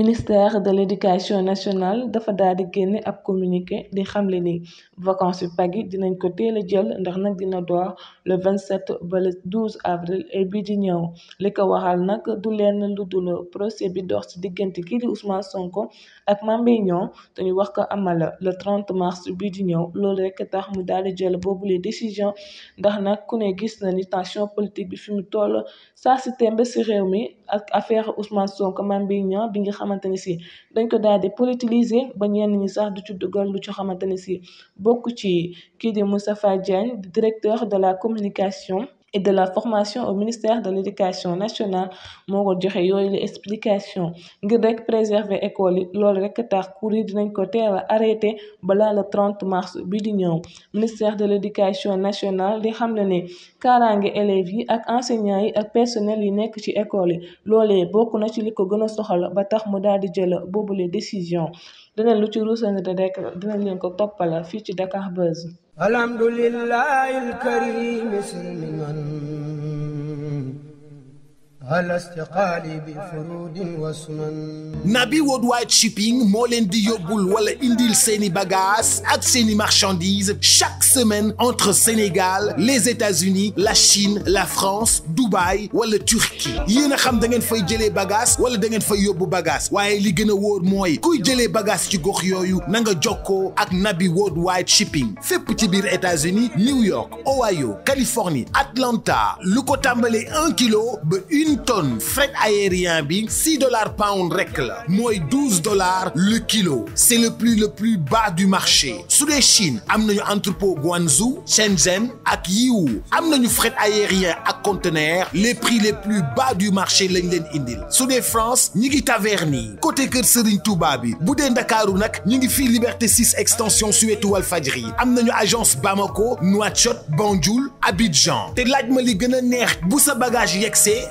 ministère de l'éducation nationale dafa daal di génne ab communiqué di xamle ni vacances yu Pâques yi dinañ ko teel a jël ndax nag dina door le 27 ba le 12 avril di ñëw li ko waxal nag du leen lu dul procès bi dox ci diggante kii di Ousmane Sonko ak Mame Mbaye Niang te wax ko amal le 30 mars bii di ñëw loolu rek tax mu daal di boobu boobule décision ndax nag ku ne gis na ni tension politique bi fi mu toll saa si tembe si réew mi ak affaire Ousmane Sonko Mame Mbaye bi xamante ni si dañ ko daal di politiser ba ñenn ñi sax du ci dugal lu ci xamante ni si bokk ci kii di Moustapha Diagne directeur de la communication et de la formation au ministère de l'éducation nationale moo ko joxe yooyu la explication ngir rek préserver école yi loolu rek tax cours yi dinañ ko teel a arrêté balaa le 30 mars bi di ñëw ministère de l'éducation nationale di xam ne ne kaaraange élèves yi ak enseignants yi ak personnel yi nekk ci école yi loolee bokk na ci li ko gën a soxal ba tax mu daal di jël boobule décision dinañ lu ci ruusani rek dinañ leen ko toppala fii ci Dakar Buzz alhamdulillahi alkarim Nabi Worldwide Shipping moo leen di yóbbul wala indil seeni bagages ak seeni marchandises chaque semaine entre Sénégal les États-Unis la Chine la France Dubaï wala Turquie yéen a xam da ngeen fay jëlee bagages wala da ngeen fay yóbbu bagaas waaye li gën a wóor mooy kuy jëlee bagages ci gox yooyu na nga jokkoo ak Nabi Worldwide Shipping fépp ci biir États-Unis New York Ohio Californie Atlanta lu ko kilo ba mille tonnes fret aérien bi six dollars pound rek la mooy douze dollars le kilo c'est le prix le plus bas du marché su dee Chine am nañu entrepôt Guangzhou Shenzhen ak Yiwu am nañu fret aérien ak conteneur les prix les plus bas du marché lañ leen indil su dee France ñi ngi Taverny côté kër Serigne Touba bi bu dee Ndakaaru nag ñi ngi fii Liberté 6 extension suwetu Walfadjri am nañu agence Bamako Nouakchott Banjul Abidjan te laaj ma li gën a neex bagage yegsee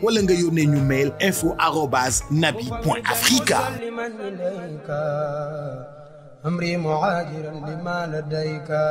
wala nga yónnee ñu mail info arobase nabi point africa amri muhajiran lima ladayka